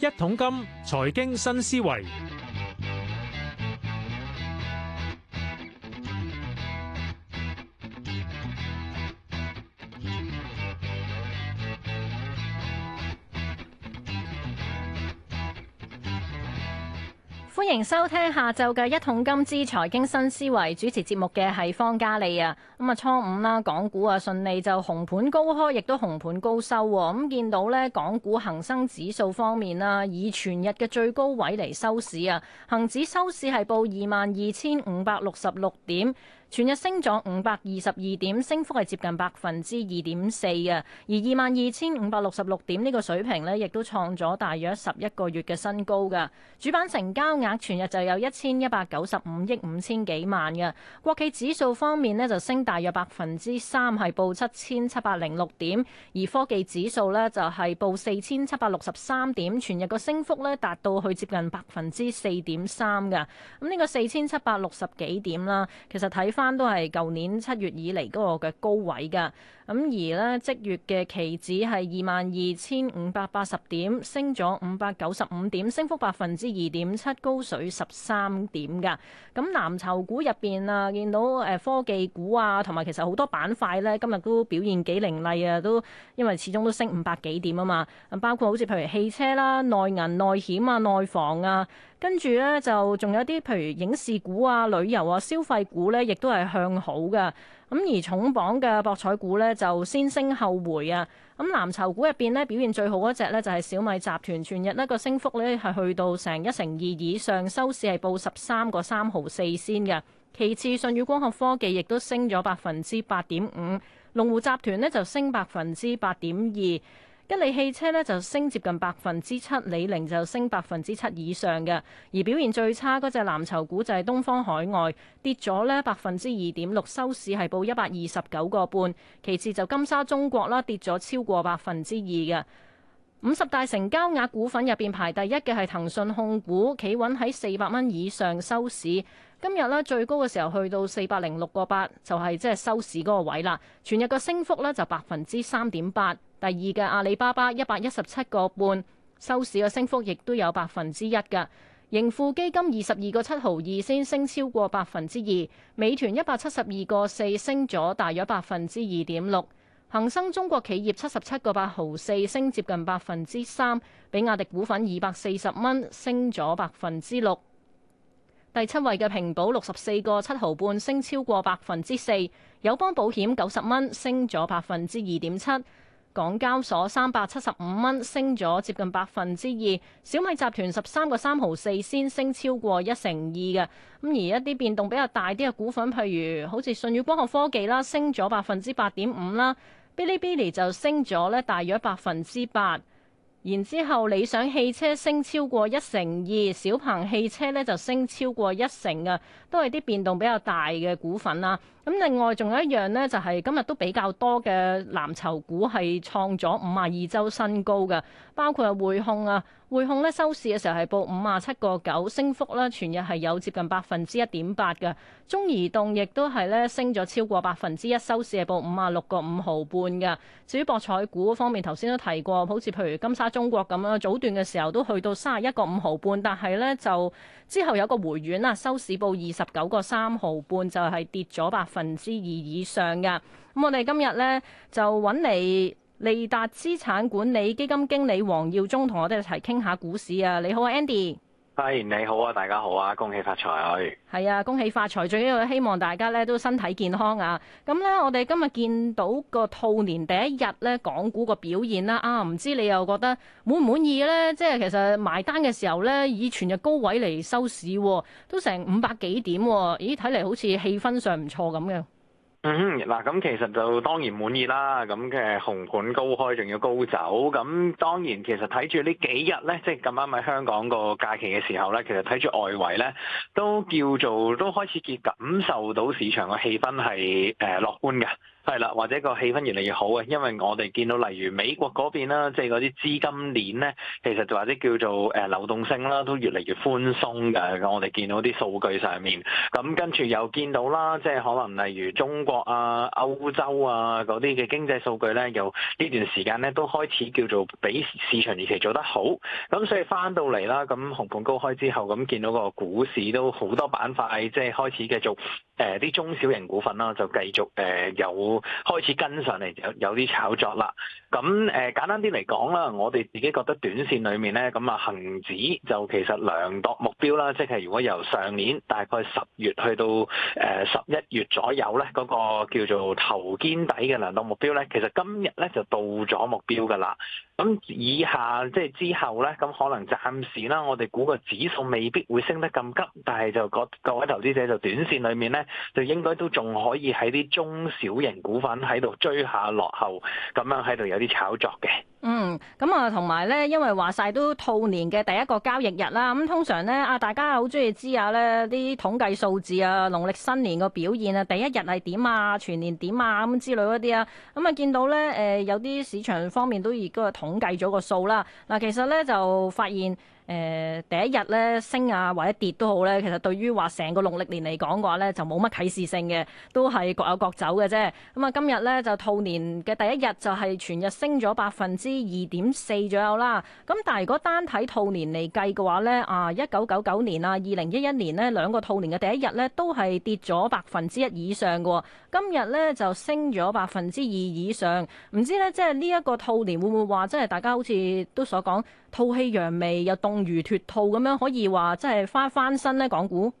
一桶金，財經新思維。歡迎收聽下晝嘅一桶金之財經新思維，主持節目嘅係方嘉利。啊。咁啊，初五啦，港股啊順利就紅盤高開，亦都紅盤高收。咁見到呢，港股恒生指數方面啦，以全日嘅最高位嚟收市啊，恒指收市係報二萬二千五百六十六點，全日升咗五百二十二點，升幅係接近百分之二點四啊。而二萬二千五百六十六點呢個水平呢，亦都創咗大約十一個月嘅新高噶。主板成交額。全日就有一千一百九十五億五千幾萬嘅。國企指數方面呢，就升大約百分之三，係報七千七百零六點；而科技指數呢，就係報四千七百六十三點，全日個升幅呢，達到去接近百分之四點三㗎。咁呢個四千七百六十幾點啦，其實睇翻都係舊年七月以嚟嗰個嘅高位㗎。咁而呢即月嘅期指係二萬二千五百八十點，升咗五百九十五點，升幅百分之二點七，高水十三點噶。咁藍籌股入邊啊，見到誒、呃、科技股啊，同埋其實好多板塊呢，今日都表現幾凌厲啊，都因為始終都升五百幾點啊嘛。包括好似譬如汽車啦、內銀內險啊、內房啊，跟住呢，就仲有啲譬如影視股啊、旅遊啊、消費股呢，亦都係向好嘅。咁而重磅嘅博彩股呢，就先升後回啊！咁藍籌股入邊呢，表現最好嗰隻呢，就係小米集團，全日呢個升幅呢，係去到成一成二以上，收市係報十三個三毫四仙嘅。其次舜宇光學科技亦都升咗百分之八點五，龍湖集團呢，就升百分之八點二。吉利汽車咧就升接近百分之七，李寧就升百分之七以上嘅。而表現最差嗰隻、那個、藍籌股就係東方海外，跌咗咧百分之二點六，收市係報一百二十九個半。其次就金沙中國啦，跌咗超過百分之二嘅。五十大成交額股份入邊排第一嘅係騰訊控股，企穩喺四百蚊以上收市。今日呢，最高嘅時候去到四百零六個八，就係即係收市嗰個位啦。全日嘅升幅咧就百分之三點八。第二嘅阿里巴巴一百一十七個半收市嘅升幅亦都有百分之一嘅盈富基金二十二個七毫二先升超過百分之二，美團一百七十二個四升咗大約百分之二點六，恒生中國企業七十七個八毫四升接近百分之三，比亞迪股份二百四十蚊升咗百分之六，第七位嘅平保六十四個七毫半升超過百分之四，友邦保險九十蚊升咗百分之二點七。港交所三百七十五蚊升咗接近百分之二，小米集團十三個三毫四先升超過一成二嘅，咁而一啲變動比較大啲嘅股份，譬如好似舜宇光學科技啦，升咗百分之八點五啦，嗶哩嗶哩就升咗咧大約百分之八。然之後，理想汽車升超過一成二，小鵬汽車呢就升超過一成嘅，都係啲變動比較大嘅股份啦。咁另外仲有一樣呢，就係、是、今日都比較多嘅藍籌股係創咗五十二週新高嘅，包括啊匯控啊。匯控咧收市嘅時候係報五啊七個九，升幅咧全日係有接近百分之一點八嘅。中移動亦都係咧升咗超過百分之一，收市係報五啊六個五毫半嘅。至於博彩股方面，頭先都提過，好似譬如金沙中國咁樣，早段嘅時候都去到三十一個五毫半，但係呢就之後有個回軟啊，收市報二十九個三毫半，就係跌咗百分之二以上嘅。咁我哋今日呢就揾你。利達資產管理基金經理黃耀宗同我哋一齊傾下股市啊！你好啊，Andy。係、hey, 你好啊，大家好啊，恭喜發財。係、哎、啊，恭喜發財！最緊要希望大家咧都身體健康啊！咁、嗯、咧，我哋今日見到個兔年第一日咧，港股個表現啦、啊，啊，唔知你又覺得滿唔滿意咧？即係其實埋單嘅時候咧，以全日高位嚟收市，啊，都成五百幾點、啊？咦，睇嚟好似氣氛上唔錯咁嘅。嗯，嗱，咁其實就當然滿意啦。咁嘅紅盤高開，仲要高走。咁當然其實睇住呢幾日咧，即係咁啱喺香港個假期嘅時候咧，其實睇住外圍咧，都叫做都開始感感受到市場嘅氣氛係誒、呃、樂觀嘅。係啦，或者個氣氛越嚟越好嘅，因為我哋見到例如美國嗰邊啦，即係嗰啲資金鏈咧，其實就或者叫做誒流動性啦，都越嚟越寬鬆嘅。我哋見到啲數據上面，咁跟住又見到啦，即係可能例如中國啊、歐洲啊嗰啲嘅經濟數據咧，又呢段時間咧都開始叫做比市場預期做得好。咁所以翻到嚟啦，咁紅盤高開之後，咁見到個股市都好多板塊，即係開始繼續誒啲中小型股份啦，就繼續誒有。開始跟上嚟，有有啲炒作啦。咁誒簡單啲嚟講啦，我哋自己覺得短線裏面咧，咁啊恒指就其實量度目標啦，即係如果由上年大概十月去到誒十一月左右咧，嗰、那個叫做頭肩底嘅量度目標咧，其實今日咧就到咗目標㗎喇。咁以下即係、就是、之後咧，咁可能暫時啦，我哋估個指數未必會升得咁急，但係就各各位投資者就短線裏面咧，就應該都仲可以喺啲中小型股份喺度追下落後，咁樣喺度有。啲炒作嘅，嗯，咁啊，同埋咧，因為話晒都兔年嘅第一個交易日啦，咁通常咧啊，大家好中意知下咧啲統計數字啊，農曆新年個表現啊，第一日係點啊，全年點啊咁之類嗰啲啊，咁啊見到咧，誒，有啲市場方面都已經統計咗個數啦，嗱，其實咧就發現。誒、呃、第一日咧升啊，或者跌都好咧，其實對於話成個農曆年嚟講嘅話咧，就冇乜啟示性嘅，都係各有各走嘅啫。咁啊，今日咧就兔年嘅第一日就係全日升咗百分之二點四左右啦。咁但係如果單睇兔年嚟計嘅話咧，啊一九九九年啊，二零一一年呢，兩個兔年嘅第一日咧都係跌咗百分之一以上嘅，哦。今日咧就升咗百分之二以上。唔知咧真係呢一個兔年會唔會話即係大家好似都所講吐氣揚眉又凍，如脫兔咁樣，可以話即係翻翻身咧，港股。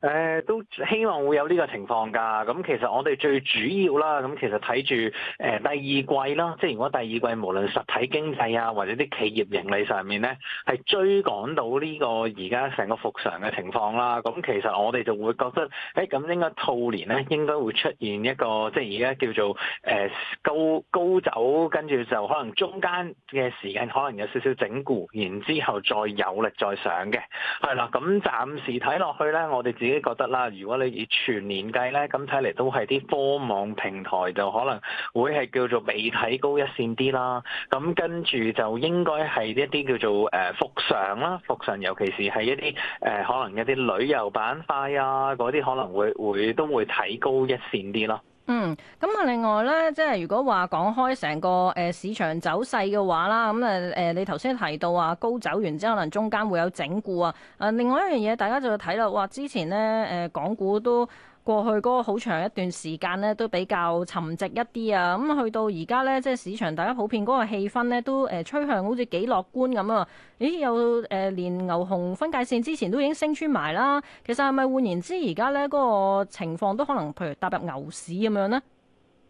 誒、呃，都希望會有呢個情況噶。咁、嗯、其實我哋最主要啦，咁、嗯、其實睇住誒第二季啦，即係如果第二季無論實體經濟啊，或者啲企業盈利上面咧，係追趕到呢個而家成個復常嘅情況啦。咁、嗯、其實我哋就會覺得，誒、欸、咁應該兔年咧，應該會出現一個即係而家叫做誒、呃、高高走，跟住就可能中間嘅時間可能有少少整固，然之後再有力再上嘅。係啦，咁、嗯嗯、暫時睇落去咧，我哋自己覺得啦，如果你以全年計咧，咁睇嚟都係啲科網平台就可能會係叫做未睇高一線啲啦。咁跟住就應該係一啲叫做誒復常啦，復常尤其是係一啲誒、呃、可能一啲旅遊板塊啊，嗰啲可能會會都會睇高一線啲咯。嗯，咁啊，另外咧，即係如果話講開成個誒、呃、市場走勢嘅話啦，咁啊誒，你頭先提到啊，高走完之後，可能中間會有整固啊。啊、呃，另外一樣嘢，大家就要睇啦，哇、呃！之前呢，誒、呃，港股都～過去嗰個好長一段時間呢，都比較沉寂一啲啊，咁去到而家呢，即係市場大家普遍嗰個氣氛呢都誒趨向好似幾樂觀咁啊！咦，又誒、呃、連牛熊分界線之前都已經升穿埋啦，其實係咪換言之，而家呢嗰個情況都可能譬如踏入牛市咁樣呢？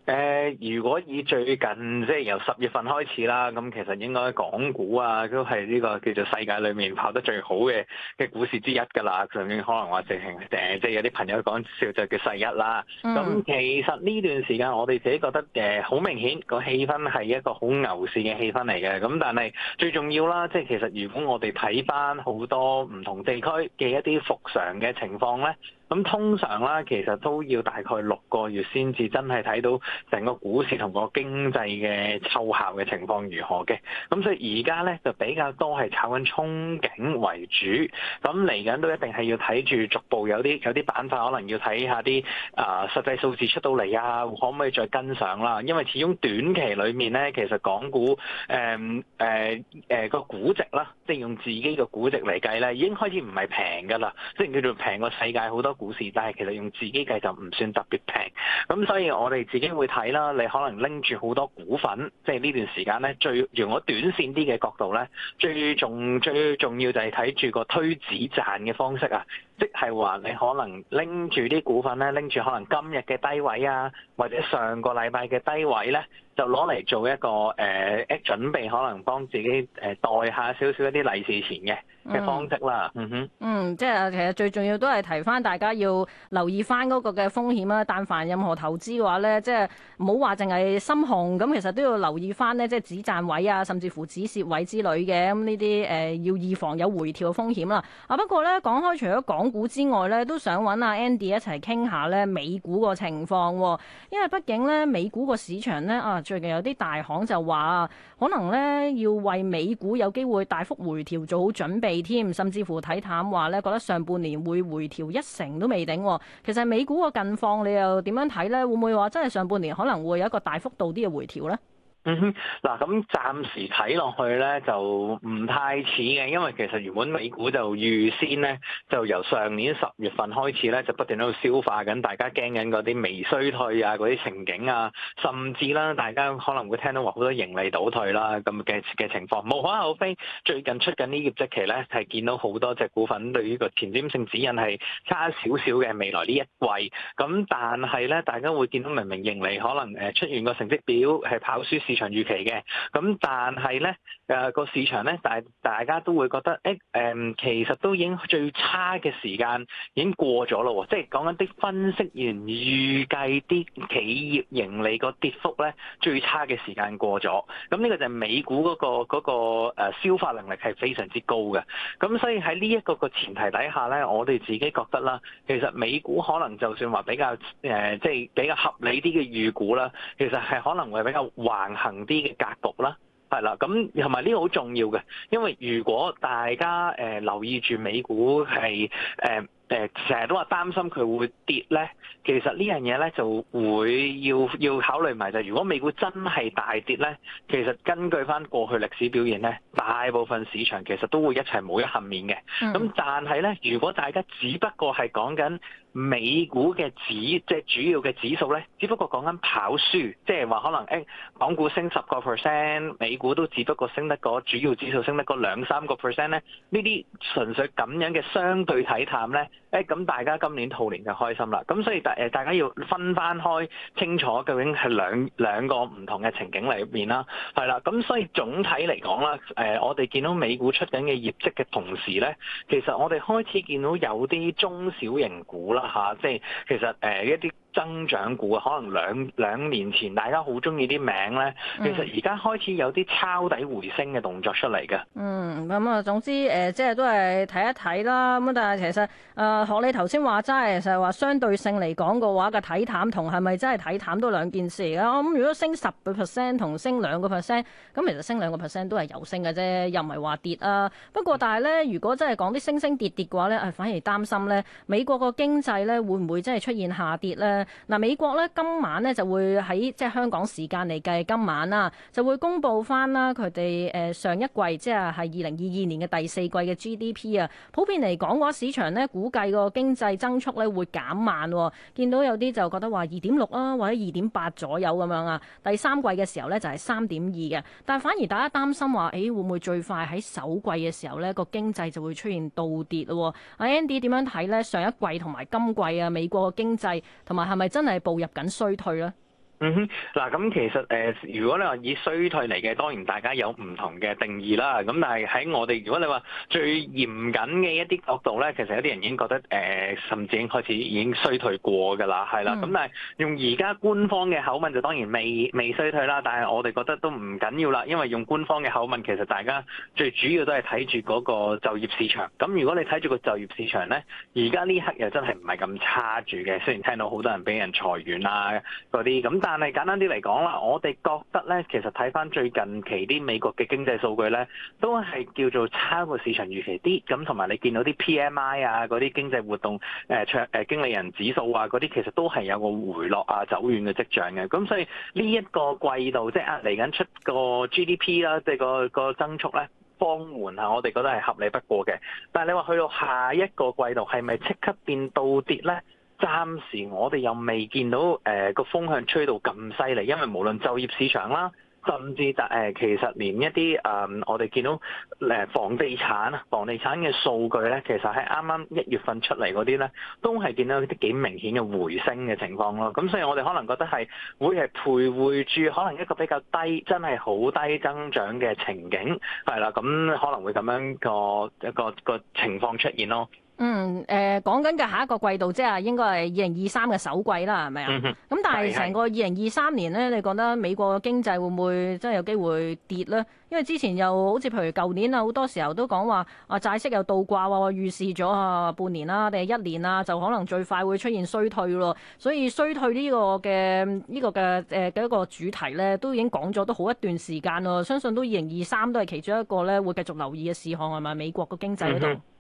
誒，如果以最近即係由十月份開始啦，咁其實應該港股啊，都係呢個叫做世界裏面跑得最好嘅嘅股市之一噶啦。上面可能話直情誒，即係有啲朋友講笑就叫世一啦。咁、嗯、其實呢段時間我哋自己覺得誒好明顯個氣氛係一個好牛市嘅氣氛嚟嘅。咁但係最重要啦，即係其實如果我哋睇翻好多唔同地區嘅一啲復常嘅情況咧。咁通常啦，其實都要大概六個月先至真係睇到成個股市同個經濟嘅湊效嘅情況如何嘅。咁所以而家咧就比較多係炒緊憧憬為主。咁嚟緊都一定係要睇住逐步有啲有啲板塊，可能要睇下啲啊呃實際數字出到嚟啊，可唔可以再跟上啦？因為始終短期裡面咧，其實港股誒誒誒個估值啦，即係用自己嘅估值嚟計咧，已經開始唔係平㗎啦，即係叫做平過世界好多。股市，但係其實用自己計就唔算特別平，咁所以我哋自己會睇啦。你可能拎住好多股份，即係呢段時間咧，最如果短線啲嘅角度咧，最重最重要就係睇住個推止賺嘅方式啊。即係話你可能拎住啲股份咧，拎住可能今日嘅低位啊，或者上個禮拜嘅低位咧，就攞嚟做一個誒誒、呃、準備，可能幫自己誒代、呃、下少少一啲利是錢嘅嘅方式啦。嗯哼，嗯，嗯嗯，即係其實最重要都係提翻大家要留意翻嗰個嘅風險啦。但凡任何投資嘅話咧，即係唔好話淨係心紅咁，其實都要留意翻咧，即係止賺位啊，甚至乎止蝕位之類嘅，咁呢啲誒要預防有回調嘅風險啦。啊不過咧講開，除咗港股之外咧，都想揾阿 Andy 一齊傾下咧美股個情況，哦，因為畢竟咧美股個市場咧啊，最近有啲大行就話可能咧要為美股有機會大幅回調做好準備添，甚至乎睇淡話咧覺得上半年會回調一成都未定，哦。其實美股個近況你又點樣睇咧？會唔會話真係上半年可能會有一個大幅度啲嘅回調咧？嗯哼，嗱咁暫時睇落去咧就唔太似嘅，因為其實原本美股就預先咧就由上年十月份開始咧就不斷喺度消化緊，大家驚緊嗰啲微衰退啊嗰啲情景啊，甚至啦大家可能會聽到話好多盈利倒退啦咁嘅嘅情況。無可厚非，最近出緊呢業績期咧係見到好多隻股份對於呢個前瞻性指引係差少少嘅未來呢一季。咁但係咧大家會見到明明盈利可能誒出現個成績表係跑輸市場預期嘅，咁但係咧。誒個、呃、市場咧，大大家都會覺得誒誒、欸呃，其實都已經最差嘅時間已經過咗咯，即係講緊啲分析員預計啲企業盈利個跌幅咧，最差嘅時間過咗。咁呢個就係美股嗰、嗰個嗰消化能力係非常之高嘅。咁所以喺呢一個個前提底下咧，我哋自己覺得啦，其實美股可能就算話比較誒，即、呃、係、即係、比較合理啲嘅預估啦，其實係可能會比較橫行啲嘅格局啦。係啦，咁同埋呢個好重要嘅，因為如果大家誒、呃、留意住美股係誒，呃誒成日都話擔心佢會跌咧，其實呢樣嘢咧就會要要考慮埋就如果美股真係大跌咧，其實根據返過去歷史表現咧，大部分市場其實都會一齊冇一幸免嘅。咁、嗯、但係咧，如果大家只不過係講緊美股嘅指，即係主要嘅指數咧，只不過講緊跑輸，即係話可能誒、欸、港股升十個 percent，美股都只不過升得嗰主要指數升得嗰兩三個 percent 咧，呢啲純粹咁樣嘅相對睇淡咧。誒咁大家今年兔年就開心啦，咁所以大誒大家要分翻開清楚究竟係兩兩個唔同嘅情景裏面啦，係啦，咁所以總體嚟講啦，誒、呃、我哋見到美股出緊嘅業績嘅同時咧，其實我哋開始見到有啲中小型股啦嚇、啊，即係其實誒、呃、一啲。增長股啊，可能兩兩年前大家好中意啲名咧，其實而家開始有啲抄底回升嘅動作出嚟嘅、嗯。嗯，咁啊，總之誒、呃，即係都係睇一睇啦。咁但係其實誒學、呃、你頭先話齋，其實話相對性嚟講嘅話，個睇淡同係咪真係睇淡都兩件事我諗、啊、咁、嗯、如果升十個 percent 同升兩個 percent，咁其實升兩個 percent 都係有升嘅啫，又唔係話跌啊。不過但係咧，如果真係講啲升升跌跌嘅話咧，啊反而擔心咧美國個經濟咧會唔會真係出現下跌咧？嗱、啊，美國咧今晚咧就會喺即係香港時間嚟計今晚啦、啊，就會公布翻啦佢哋誒上一季即係係二零二二年嘅第四季嘅 GDP 啊。普遍嚟講嘅話，那個、市場咧估計個經濟增速咧會減慢、啊。見到有啲就覺得話二點六啊，或者二點八左右咁樣啊。第三季嘅時候咧就係三點二嘅，但係反而大家擔心話，誒、欸、會唔會最快喺首季嘅時候咧、那個經濟就會出現倒跌咯、啊？阿、啊、Andy 點樣睇咧？上一季同埋今季啊，美國嘅經濟同埋。係咪真係步入緊衰退咧？嗯哼，嗱咁其實誒、呃，如果你話以衰退嚟嘅，當然大家有唔同嘅定義啦。咁但係喺我哋，如果你話最嚴謹嘅一啲角度咧，其實有啲人已經覺得誒、呃，甚至已經開始已經衰退過㗎啦，係啦、嗯。咁但係用而家官方嘅口吻就當然未未衰退啦。但係我哋覺得都唔緊要啦，因為用官方嘅口吻，其實大家最主要都係睇住嗰個就業市場。咁如果你睇住個就業市場咧，而家呢刻又真係唔係咁差住嘅。雖然聽到好多人俾人裁員啊嗰啲，咁但但係簡單啲嚟講啦，我哋覺得咧，其實睇翻最近期啲美國嘅經濟數據咧，都係叫做差過市場預期啲。咁同埋你見到啲 PMI 啊，嗰啲經濟活動誒卓誒經理人指數啊，嗰啲其實都係有個回落啊走軟嘅跡象嘅。咁所以呢一個季度即係啊嚟緊出個 GDP 啦，即係個個增速咧放緩下，我哋覺得係合理不過嘅。但係你話去到下一個季度係咪即刻變倒跌咧？暫時我哋又未見到誒個、呃、風向吹到咁犀利，因為無論就業市場啦，甚至誒、呃、其實連一啲誒、呃、我哋見到誒房地產啊，房地產嘅數據咧，其實係啱啱一月份出嚟嗰啲咧，都係見到啲幾明顯嘅回升嘅情況咯。咁所以我哋可能覺得係會係徘徊住可能一個比較低，真係好低增長嘅情景，係啦，咁可能會咁樣個一個個情況出現咯。嗯，誒、呃、講緊嘅下一個季度、就是，即係應該係二零二三嘅首季啦，係咪啊？咁 但係成個二零二三年呢，你覺得美國經濟會唔會真係有機會跌呢？因為之前又好似譬如舊年啊，好多時候都講話啊，債息又倒掛喎，預示咗啊半年啦，定係一年啦，就可能最快會出現衰退咯。所以衰退呢個嘅呢、呢個嘅誒嘅一個主題呢，都已經講咗都好一段時間咯。相信都二零二三都係其中一個呢，會繼續留意嘅事項係咪？美國嘅經濟嗰度。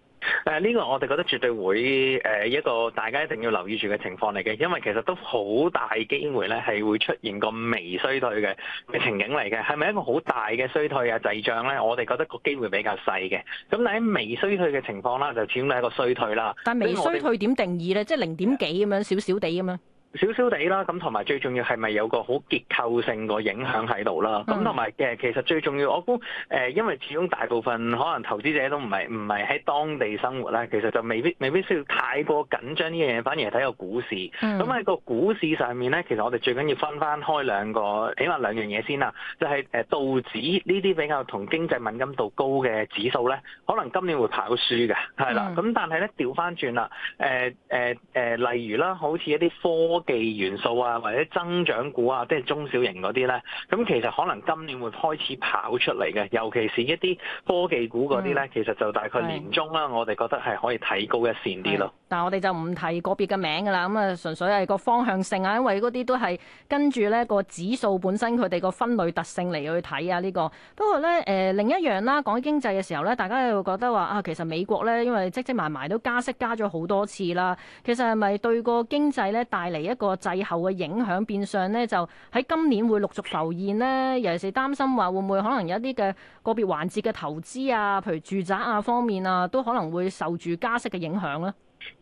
誒，呢個我哋覺得絕對會誒一個大家一定要留意住嘅情況嚟嘅。因為其實都好大機會咧係會出現個微衰退嘅嘅情景嚟嘅，係咪一個好大嘅衰退啊滯脹咧？我哋覺得個機會比較細嘅，咁但係微衰退嘅情況啦，就始終係一個衰退啦。但係微衰退點定義咧？即係零點幾咁樣，少少地咁樣？少少地啦，咁同埋最重要係咪有個好結構性個影響喺度啦？咁同埋誒其實最重要，我估誒因為始終大部分可能投資者都唔係唔係喺當地生活咧，其實就未必未必需要太過緊張呢樣嘢，反而係睇個股市。咁喺、mm. 個股市上面咧，其實我哋最緊要分翻開兩個起碼兩樣嘢先啦，就係、是、誒道指呢啲比較同經濟敏感度高嘅指數咧，可能今年會跑輸嘅，係啦。咁、mm. 但係咧調翻轉啦，誒誒誒例如啦，好似一啲科科技元素啊，或者增長股啊，即係中小型嗰啲咧，咁其實可能今年會開始跑出嚟嘅，尤其是一啲科技股嗰啲咧，其實就大概年中啦，我哋覺得係可以睇高一綫啲咯。但係我哋就唔提個別嘅名㗎啦，咁啊純粹係個方向性啊，因為嗰啲都係跟住咧個指數本身佢哋個分類特性嚟去睇啊。呢個不過咧，誒另一樣啦，講經濟嘅時候咧，大家又會覺得話啊，其實美國咧，因為積積埋埋都加息加咗好多次啦，其實係咪對個經濟咧帶嚟？一個滯後嘅影響，變相呢，就喺今年會陸續浮現呢，尤其是擔心話會唔會可能有一啲嘅個別環節嘅投資啊，譬如住宅啊方面啊，都可能會受住加息嘅影響呢。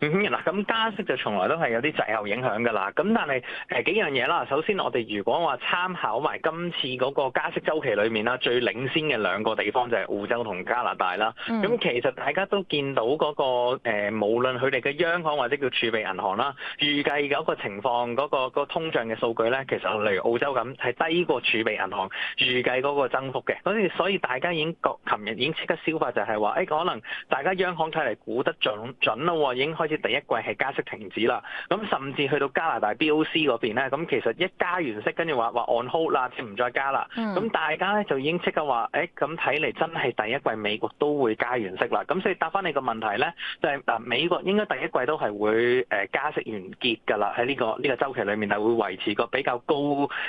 嗱、嗯，咁加息就從來都係有啲滯後影響㗎啦。咁但係誒、呃、幾樣嘢啦，首先我哋如果話參考埋今次嗰個加息週期裏面啦，最領先嘅兩個地方就係澳洲同加拿大啦。咁、嗯、其實大家都見到嗰、那個誒、呃，無論佢哋嘅央行或者叫儲備銀行啦，預計有個情況嗰、那個那個通脹嘅數據咧，其實例如澳洲咁係低過儲備銀行預計嗰個增幅嘅。咁所，所以大家已經覺，琴日已經即刻消化就係話，誒可能大家央行睇嚟估得準準啦喎，已經。開始第一季係加息停止啦，咁甚至去到加拿大 BOC 嗰邊咧，咁其實一加完息跟住話話按 hold 啦，即唔再加啦。咁、嗯、大家咧就已經即刻話，誒咁睇嚟真係第一季美國都會加完息啦。咁所以答返你個問題咧，就係、是、嗱美國應該第一季都係會誒加息完結㗎啦。喺呢、這個呢、這個周期裡面係會維持個比較高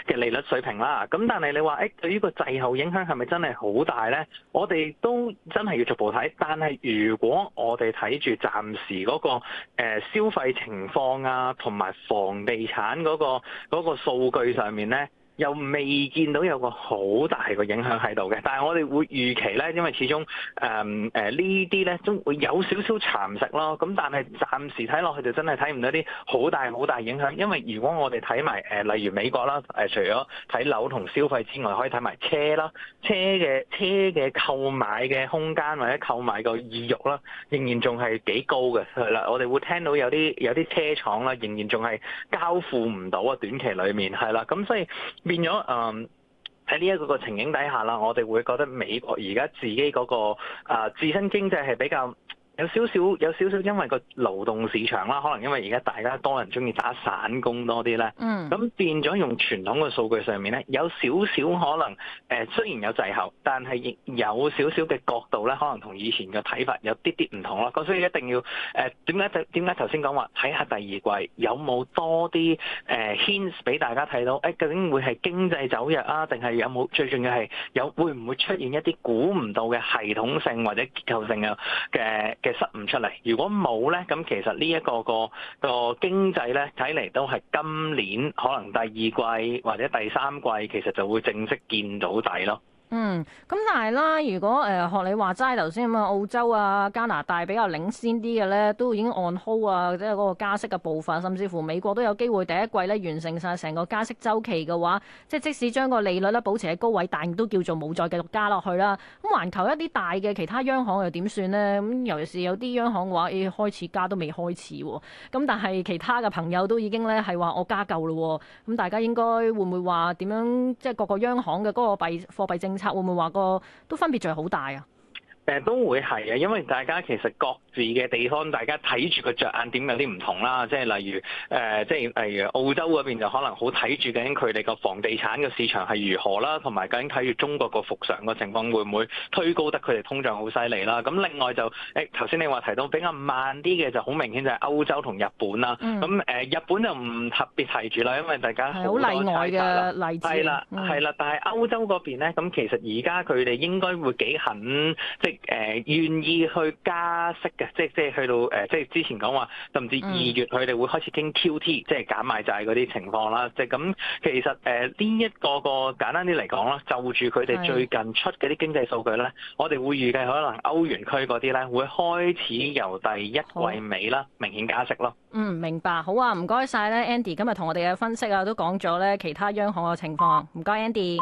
嘅利率水平啦。咁但係你話誒、欸、對於個滯後影響係咪真係好大咧？我哋都真係要逐步睇。但係如果我哋睇住暫時嗰、那個。個誒消費情況啊，同埋房地產嗰個嗰個數據上面咧。又未見到有個好大個影響喺度嘅，但係我哋會預期呢，因為始終誒誒呢啲呢，都會有少少蠶食咯。咁但係暫時睇落去就真係睇唔到啲好大好大影響，因為如果我哋睇埋誒例如美國啦，誒、呃、除咗睇樓同消費之外，可以睇埋車啦，車嘅車嘅購買嘅空間或者購買個意欲啦，仍然仲係幾高嘅係啦。我哋會聽到有啲有啲車廠啦，仍然仲係交付唔到啊，短期裡面係啦，咁、嗯、所以。變咗，誒、嗯，喺呢一個個情景底下啦，我哋會覺得美國而家自己嗰、嗰個啊、呃、自身經濟係比較，有少少有少少，少少因為個勞動市場啦，可能因為而家大家多人中意打散工多啲咧，咁、嗯、變咗用傳統嘅數據上面咧，有少少可能誒、呃，雖然有滯後，但係亦有少少嘅角度咧，可能同以前嘅睇法有啲啲唔同咯。咁所以一定要誒，點解點解頭先講話睇下第二季有冇多啲誒牽 i 俾大家睇到？誒、哎、究竟會係經濟走弱啊，定係有冇最重要係有會唔會出現一啲估唔到嘅系統性或者結構性嘅嘅？嘅失誤出嚟，如果冇咧，咁其實呢、這、一個、個、個經濟咧，睇嚟都係今年可能第二季或者第三季，其實就會正式見到底咯。嗯，咁但係啦，如果誒學、呃、你話齋頭先咁啊，澳洲啊、加拿大比較領先啲嘅咧，都已經按 hold 啊，即係嗰個加息嘅部分，甚至乎美國都有機會第一季咧完成晒成個加息週期嘅話，即係即使將個利率咧保持喺高位，但都叫做冇再繼續加落去啦。咁環球一啲大嘅其他央行又點算咧？咁尤其是有啲央行嘅話要開始加都未開始咁、哦、但係其他嘅朋友都已經咧係話我加夠咯、哦，咁大家應該會唔會話點樣，即係各個央行嘅嗰個幣貨幣政。政策會唔會話個都分別就係好大啊？誒都會係啊，因為大家其實各自嘅地方，大家睇住個着眼點有啲唔同啦。即係例如誒、呃，即係例如澳洲嗰邊就可能好睇住緊佢哋個房地產嘅市場係如何啦，同埋究竟睇住中國個復常個情況會唔會推高得佢哋通脹好犀利啦。咁另外就誒頭先你話提到比較慢啲嘅，就好明顯就係歐洲同日本啦。咁誒、嗯、日本就唔特別提住啦，因為大家好多睇測啦。係啦係啦，但係歐洲嗰邊咧，咁其實而家佢哋應該會幾狠。即係。誒、呃、願意去加息嘅，即係即係去到誒、呃，即係之前講話，甚至二月佢哋會開始傾 QT，嗯、即係減買債嗰啲情況啦。即係咁，其實誒呢一個個簡單啲嚟講啦，就住佢哋最近出嗰啲經濟數據咧，是我哋會預計可能歐元區嗰啲咧會開始由第一季尾啦，好明顯加息咯。嗯，明白。好啊，唔該晒咧，Andy 今日同我哋嘅分析啊，都講咗咧其他央行嘅情況。唔該，Andy。